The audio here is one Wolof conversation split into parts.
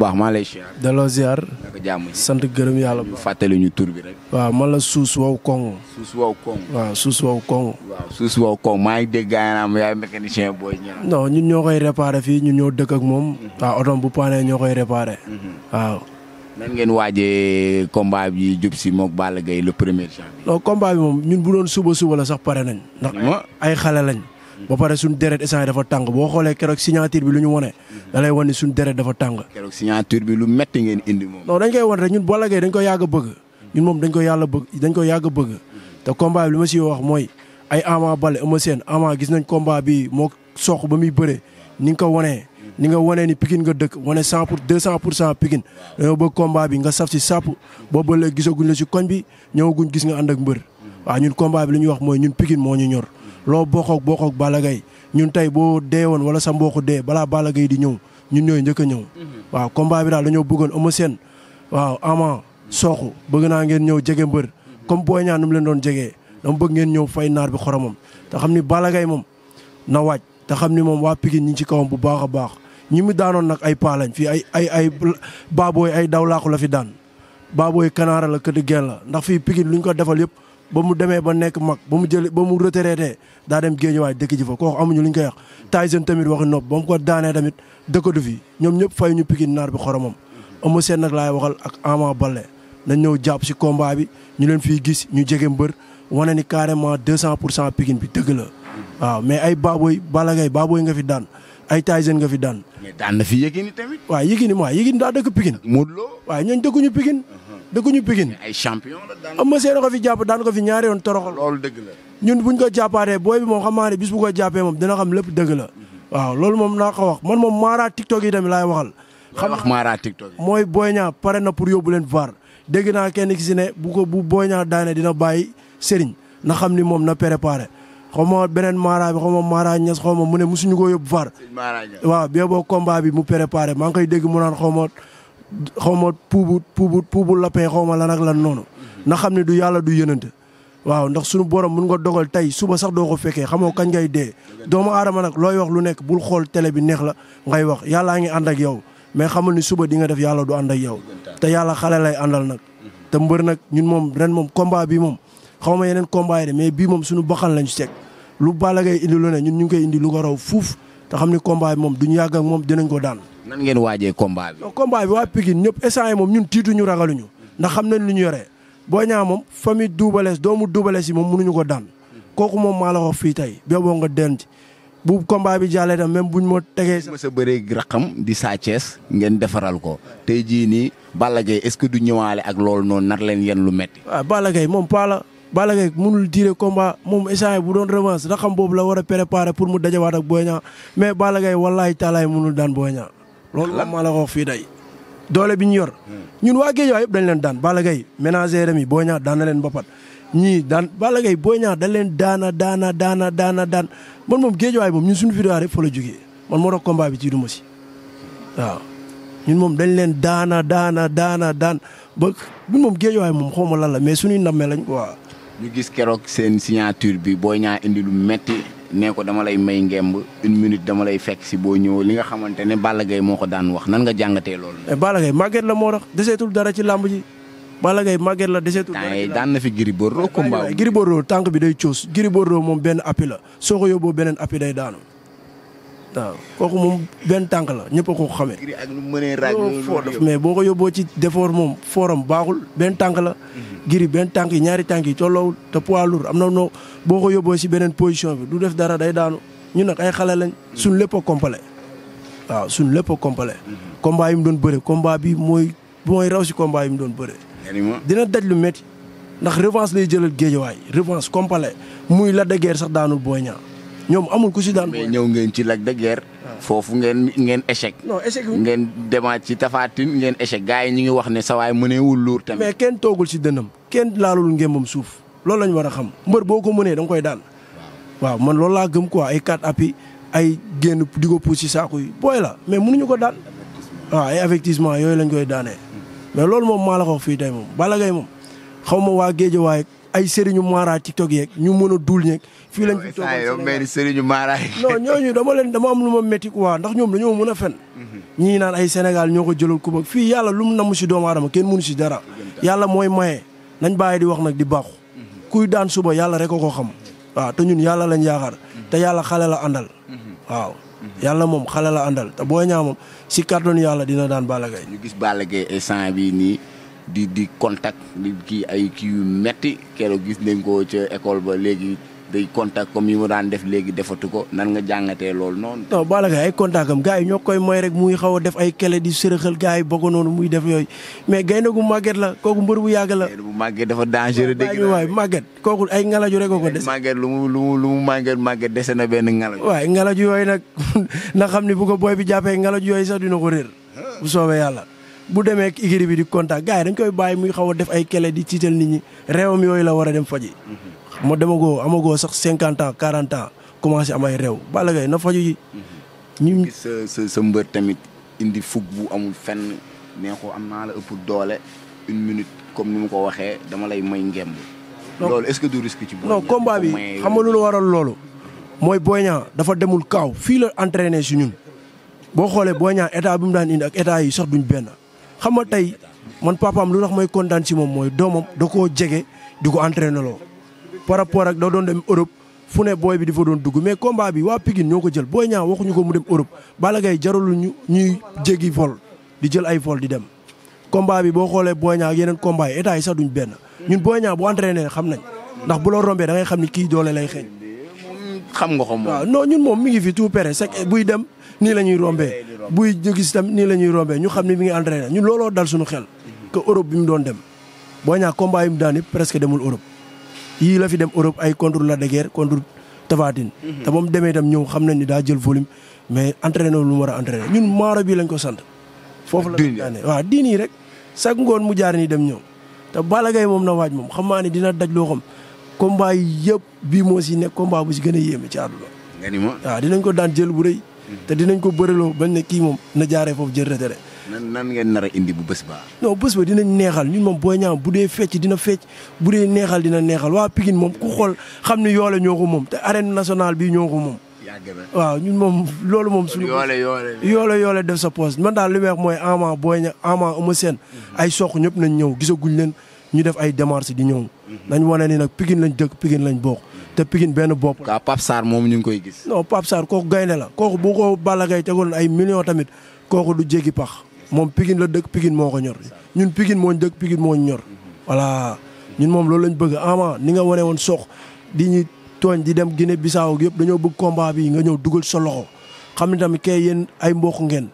baax maa lay ziar. delloo ziar. sant gërëm yàlla. ñu fàttali ñu tur bi rek. waaw man la suus wow koŋ. suus wow koŋ. waaw suus wow koŋ. waaw suus maa ngi dégg gars yi naan yaay mécanicien booy ñaan. ñun ñoo koy réparé fii ñun ñoo dëkk ak moom. Mhm. waaw oto bu paanee ñoo koy réparé. Mhm. waaw. nan ngeen waajee combat bi jub si moog Balla Gaye premier janvier. non combat bi moom ñun bu doon suba suba la sax pare nañ. ndax ay xale lañ. ba pare suñ deret instant dafa tàng boo xoolee keroog signature bi lu ñu wone da lay wan ni suñu deret dafa tàng. keroog bi lu metti ngeen indi moom. non dañ koy wan rek ñun Balla Gaye dañ ko yàgg bëgg ñun moom dañ ko yàlla bëgg dañ ko yàgg bëgg te combat bi li ma si wax mooy ay Ama Baldé Eumeu Sène Ama gis nañ combat bi moo soq ba muy bëre ni nga ko wanee ni nga wanee ni Pikine nga dëkk wane cent pour deux cent pour cent Pikine dañoo bëgg combat bi nga saf si sàpp boobu ba léegi si koñ bi ñëwaguñ gis nga ànd ak mbër waaw ñun combat bi li ñuy wax mooy ñun Pikine moo ñu ñor loo bokkoog bokkoog Balla Gaye ñun tey boo dee woon wala sa mbokku dee balaa Balla Gaye di ñëw ñun ñooy njëkk ñëw. Mm-hmm. waaw combat bi daal dañoo bëggoon Eumeu Sène waaw Ama Sokh bëgg naa ngeen ñëw jege mbër mm-hmm. comme Boy Niang nu leen doon jegee dama bëgg ngeen ñëw fay naar bi xoromam te xam ni Balla Gaye moom na waaj te xam ni moom waa Pikine ñi ci kawam bu baax a baax ñi mu daanoon nag ay paa lañ fii ay ay ay baabooy ay dawlaaku la fi daan baabooy kanaara la këddu geen la ndax fii lu ñu ko defal yëpp ba mu demee ba nekk mag ba mu jël ba mu retraité daa dem géejuwaay dëkk ji fa koo amuñu lu ñu koy wax Tyson tamit waxi nopp ba mu ko daanee tamit dëkk fi ñoom ñëpp fay ñu pikin naar bi xoromam Eumeu Sène nag laay waxal ak Ama Baldé nañ ñëw jàpp si combat bi ñu leen fiy gis ñu jege mbër wane ni carrément deux cent pour cent pikin bi dëgg la waaw mais ay Baboy Balla Gaye Baboy nga fi daan ay Tyson nga fi daan mais daan na fi Yékini tamit waaw Yékini maa Yékini daa dëkk pikin Modou Lo waaw ñooñ dëkkuñu dëgguñu Pikine ay champion la Eumeu ko fi jàpp daan ko fi ñaari yoon toroxal loolu dëgg la ñun buñ ko jàppaatee booy bi moom xam naa bis bu ko jàppee moom dina xam lépp dëgg la waaw loolu moom naa ko wax man moom maara tiktok yi tamit laay waxal xam wax maara tiktok yi mooy Boy Niang pare na pour yóbbu leen VAR dégg naa kenn ki si ne bu ko bu Boy Niang daane dina bàyyi Serigne na xam ni moom na préparé xaw ma beneen maara bi xaw ma maara ñes xaw ma mu ne musuñu ko yóbbu VAR waaw bie boo combat bi mu préparé maa ngi koy dégg mu naan xaw ma xaw ma puubu puubu puubu lappee xaw ma lan ak lan noonu na xam ne du yàlla du yënante waaw ndax suñu borom mun nga dogal tey suba sax doo ko fekkee xamoo kañ ngay dee doomu aadama nag looy wax lu nekk bul xool tele bi neex la ngay wax yàlla yàllaa ngi àndak ak yow mais xamal ni suba di nga def yàlla du ànd ak yow te yàlla xale lay àndal nag te mbër nag ñun moom ren moom combat bii moom xaw ma yeneen combat yi de mais bii moom suñu baxal lañu teg lu baala Gaye indi lu ne ñun ñu ngi koy indi lu ko raw te xam ni combat bi moom duñu yàgg ak moom dinañ ko daan. nan ngeen waajee combat bi. combat bi waa Pikine ñëpp instant moom ñun tiituñu ragaluñu ndax xam lu ñu yore boo ñaa moom famille duubalees doomu duubalees yi moom mënuñu ko daan kooku moom maa la wax fii tey boo nga denc bu combat bi jàllee tam même buñ moo tegee. ma sa bëree raqam di Sa ngeen defaral ko tey jii nii Balla Gaye est-ce que du ñëwaale ak loolu noonu nar leen yeen lu metti waaw Balla moom paa Balla Gaye mënul diire combat moom échange bu doon revanche da xam boobu la war a préparer pour mu dajawaat ak Boy Niang mais Balla Gaye wallaahi taalaay mënul daan Boy Niang loolu la ma la ko wax fii day doole bi ñu yor hmm. ñun waa géej waa yëpp dañ leen daan Balla Gaye ménager rem yi Boy Niang daan na leen mbapat ñii daan Balla Gaye Boy Niang dañ leen daana daana daana daana daan man moom géej waay moom ñun suñu vidéo rek fa la jógee man moo tax combat bi ci duma si waaw ñun moom dañ leen daana daana daana daan ba ñun moom géej waay moom xaw ma lan la mais suñuy nammee lañ waaw ñu gis keroog seen signature bi boo ñaa indi lu metti nee ko dama lay may ngemb une minute dama lay fekk si boo ñëw li nga xamante ne Balla gay moo ko daan wax nan nga jàngatee lool eh, Balla gay màgget la moo tax deseetul dara ci làmb ji Balla gay màgget la deseetul dara ci daan na fi Gris Bordeaux combat Gris Bordeaux tànk bi day coos Gris Bordeaux moom benn appui la soo ko yóbboo beneen appui day daanu. waaw kooku moom benn tànk la ñëpp a xamee. ak lu mënee raaj mais boo ko yóbboo ci defoor moom fooram baaxul benn tànk la. Mhm. giri benn tànk yi ñaari tànk yi tolloowul te poids lourd am na noo boo ko yóbboo si beneen position bi du def dara day daanu ñu nag ay xale lañ. Mhm. suñ lépp a waaw suñ lépp a complet mhm. yi mu doon bëre combat bi mooy mooy raw si combat yi mu doon bëre. dina daj lu métti ndax revanche lay jëlal géejawaay revanche complet muy la de sax daanu booy ñaar. ñoom amul ku si daan. mais ñëw ngeen ci Lac de foofu ngeen ngeen échec. non échec ngeen demaat ci tafaatin ngeen échec gars yi ñu ngi wax ne sa waay mëneewul luur tamit. mais kenn toogul si dënam. kenn laalul moom suuf loolu la ñu a xam mbër boo ko mënee da koy daan. waaw man loolu laa gëm ko ay quatre appuis ay génn di ko pousse si saako yi booy la mais mënuñu ko daan. waaw ah, ay avertissement yooyu lañ koy daanee. mais loolu moom maa la ko fii tey moom bala Gaye moom xaw ma waa Géejawaay ay Serigne Mara TikTok yeeg ñu mën a duul ñeeg. fii lañ fi toogal yow mel ni Serigne Mara non ñooñu dama leen dama am lu ma métti quoi ndax ñoom dañoo mën a fen mhm. ñii naan ay Sénégal ñoo ko jëlal kubak fii yàlla lu mu namm si doomu aadama kenn mënu si dara. yàlla mooy maye nañ bàyyi di wax nag di baaxu. Mhm. kuy daan suba yàlla rek a ko xam. waaw te ñun yàlla lañ yaakaar. Mhm. te yàlla xale la àndal. waaw. yàlla moom xale la àndal te boo ñaa moom si kàddoon yàlla dina daan Balla Gaye. ñu gis Balla Gaye instant bii nii di di contact di kii ay kii yu metti keroog gis nañ ko ca école ba léegi day contact comme yi mu daan def léegi defatu ko nan nga jàngatee lool noonu. non Balla Gaye ay contact am gars yi ñoo koy mooy rek muy xaw a def ay kele di sërëxal gars yi bokk noonu muy def yooyu mais gaynde gu màgget la kooku mbër bu yàgg la. bu màgget dafa dangereux. dégg waay màgget kooku ay ngalaju rek ko des. màgget lu mu lu mu lu mu màgget màgget dese na benn ngalaju. waay ngalaju yooyu nag na xam ni bu ko booy bi jàppee ngalaju yooyu sax dina ko réer bu soobee yàlla. bu demee igri bi di contact gars yi dañ koy bàyyi muy xaw a def ay kele di tiital nit ñi mi yooyu la war a dem faji mhm. moo demagoo amagoo sax cinquante ans quarante ans commencé am réew Balla Gaye na faju yi mhm. ñu sa sa sa mbër tamit indi fukk bu amul fenn nee am naa la ëpp doole une minute comme ni mu ko waxee dama lay may ngemb loolu est-ce que du risque ci non bi xam nga lu waral loolu mooy Boy Niang dafa demul kaaw fii la entraîné si ñun boo xoolee Boy Niang état bi mu daan indi ak état yi sax duñ benn xam nga tey man papaam lu tax may kontaan si moom mooy doomam da ko jege di ko entraîné loo par rapport ak da doon dem Europe fu ne booy bi di fa doon dugg mais combat bi waa Pikine ñoo ko jël booy ñaa ñu ko mu dem Europe Balla Gaye jarul ñu ñuy jéggi vol di jël ay vol di dem. combat bi boo xoolee booy ñaa yeneen combat yi yi sax duñ benn ñun booy ñaa bu entraîné xam nañ ndax bu la rombee da xam ni kii doole lay xeeñ. xam nga ko moom waaw ñun moom mi ngi fi tout péré c'est buy dem nii la ñuy rombee. buy jógis itam nii la ñuy rombee ñu xam ne mi ngi entraîné ñun looloo dal suñu xel. que Europe bi mu doon dem. boo ñaa combat yi mu daan yëpp presque demul Europe yii la fi dem Europe ay contre la de guerre contre Tafatine. Mhm. te ba mu demee itam ñëw xam nañ ni daa jël volume mais entraîné lu mu war a entraîné ñun maaro bi lañ ko sant. foofu la daanee waaw diin yi rek. chaque ngoon mu jaar nii dem ñëw te Balla Gaye moom na waaj moom xam maa ne dina daj loo xam combat yëpp bii moo si nekk combat bu si gën a yéeme ci àdduna. nga ni ma dinañ ko daan jël bu rëy. te dinañ ko bëreloo bañ ne kii moom na jaaree foofu jël retraite. nan nan ngeen nar a indi bu bés ba. non bés ba dinañ neexal ñun moom booy ñaam bu dee fecc dina fecc bu dee neexal dina waa Pikine moom ku xool xam ne yoole ñoo ko moom te arène nationale bi ñoo ko moom. waaw ñun moom loolu moom. suñu yoole yoole yoole yoole def sa man daal li weex mooy ama booy ña ama ama seen. ay soq ñëpp nañ ñëw gisaguñ leen ñu def ay démarches di ñëw. Mhm. nañ wane ni nag Pikine lañ dëkk Pikine lañ bokk te Pikine benn bopp la. Pape Sarr moom ñu koy gis. non Pape Sarr kooku gaynde la kooku bu ko Balla Gaye tegoon ay millions tamit kooku du jéggi pax moom Pikine la dëkk Pikine moo ko ñor ñun Pikine moo ñu dëkk Pikine moo ñu ñor. voilà ñun moom loolu lañ bëgg ama ni nga wane woon sox di ñu tooñ di dem Guinée Bissau yëpp dañoo bëgg combat bi nga ñëw dugal sa xam ne tamit kay yéen ay mbokk ngeen.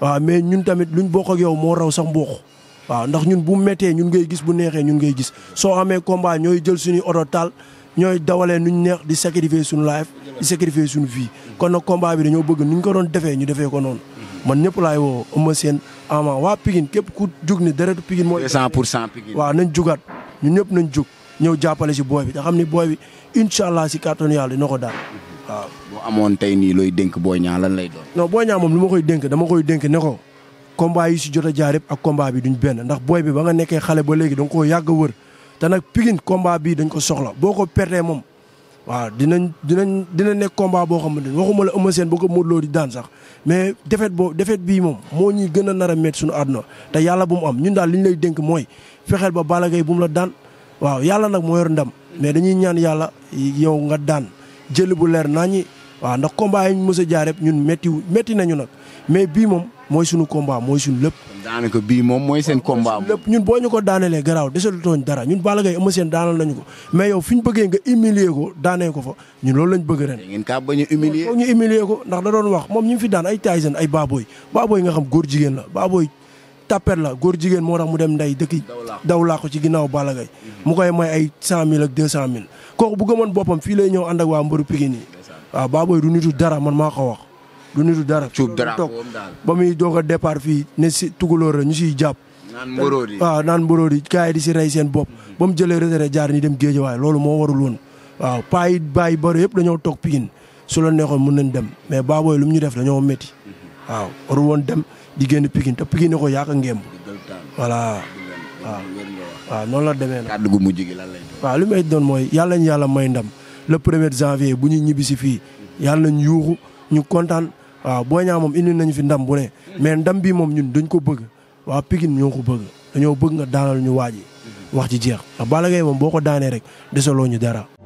waaw mais ñun tamit luñ bokk ak yow moo raw sax mbokk. waaw ndax ñun bu méttee ñun ngay gis bu neexee ñun ngay gis soo amee combat ñooy jël suñuy oto taal. ñooy dawalee nuñ neex di sacrifier suñu life di sacrifier suñu vie kon nag combat bi dañoo bëgg nuñ ko doon defee ñu defee ko noonu man ñëpp laay woo Eumeu Sène Ama waa Pikine képp ku jug ni deretu Pikine mooy 100 pour cent Pikine waaw nañ jugaat ñun ñëpp nañ jug ñëw jàppale si booy bi te xam ni booy bi incha allah si kàttanu yàlla dina ko daal waaw boo amoon tey nii looy dënk Boy ñaa lan lay doon non Boy Niang moom lu ma koy dénk dama koy dénk ne ko combat yi si jot a jaar ak combat bi duñ benn ndax booy ba nga nekkee xale ba léegi da nga yàgg a te nag Pikine combat bii dañ ko soxla boo ko perdee moom waaw dinañ dinañ dina nekk combat boo xamante ni waxuma la Eumeu Sène boo ko Modou Lo di daan sax mais défaite boobu défaite bii moom moo ñuy gën a nara a métti suñu àdduna te yàlla bu mu am ñun daal li ñu lay dénk mooy fexeel ba Balla Gaye bu la daan waaw yàlla nag moo yor mais dañuy ñaan yàlla yow nga daan jël bu leer naa ñi waaw ndax combat yi ñu mës a jaar ñun métti métti nañu nag mais bii moom. mooy suñu combat mooy suñu lépp. daanaka bii moom mooy seen combat. lépp ñun boo ñu ko daanelee garaaw desalutooñ dara ñun Balla Gaye Eumeu Sène daanal nañu ko mais yow fi ñu bëggee nga humilier ko daanee ko fa ñun loolu lañ bëgg ren. ngeen kaa a humilier ñu humilier ko ndax da doon wax moom ñu fi daan ay Tyson ay Baboy Baboy nga xam góor jigéen la Baboy tapet la góor jigéen moo tax mu dem nday dëkk daw laa ko ci ginnaaw Balla Gaye mm-hmm. mu koy may ay cent mille ak deux cent mille kooku bu gëmoon boppam fii lay ñëw ànd ak waa mbaru Pikine yi waaw Baboy du dara man maa ko wax du nitu dara. cuub dara toog ba muy doog a départ fii ne si tugalóor la ñu siy jàpp. naan mboroo di waaw ah, naan mboroo di gars di si rey seen bopp. ba mu jëlee retraite jaar ni dem géejawaay loolu moo warul woon. waaw paa yi bari yëpp dañoo toog Pikine su la neexoon mën nañ dem mais baabooy lu mu ñu def dañoo métti. waaw warul woon dem di génn Pikine te Pikine ne ko yàq ngemb. voilà waaw. waaw noonu la demee nag. kàddu gu mujj gi lan lay waaw li may doon mooy yàlla ñu yàlla may ndam le premier janvier bu ñu ñibbisi fii yàlla ñu waaw Boy Niang moom indi nañ fi ndam bu ne mais ndam bii moom ñun dañ ko bëgg waaw pigin ñoo ko bëgg dañoo bëgg nga daanal ñu waaj yi wax ji jeex ndax bala gay moom boo ko daanee rek desaloo ñu dara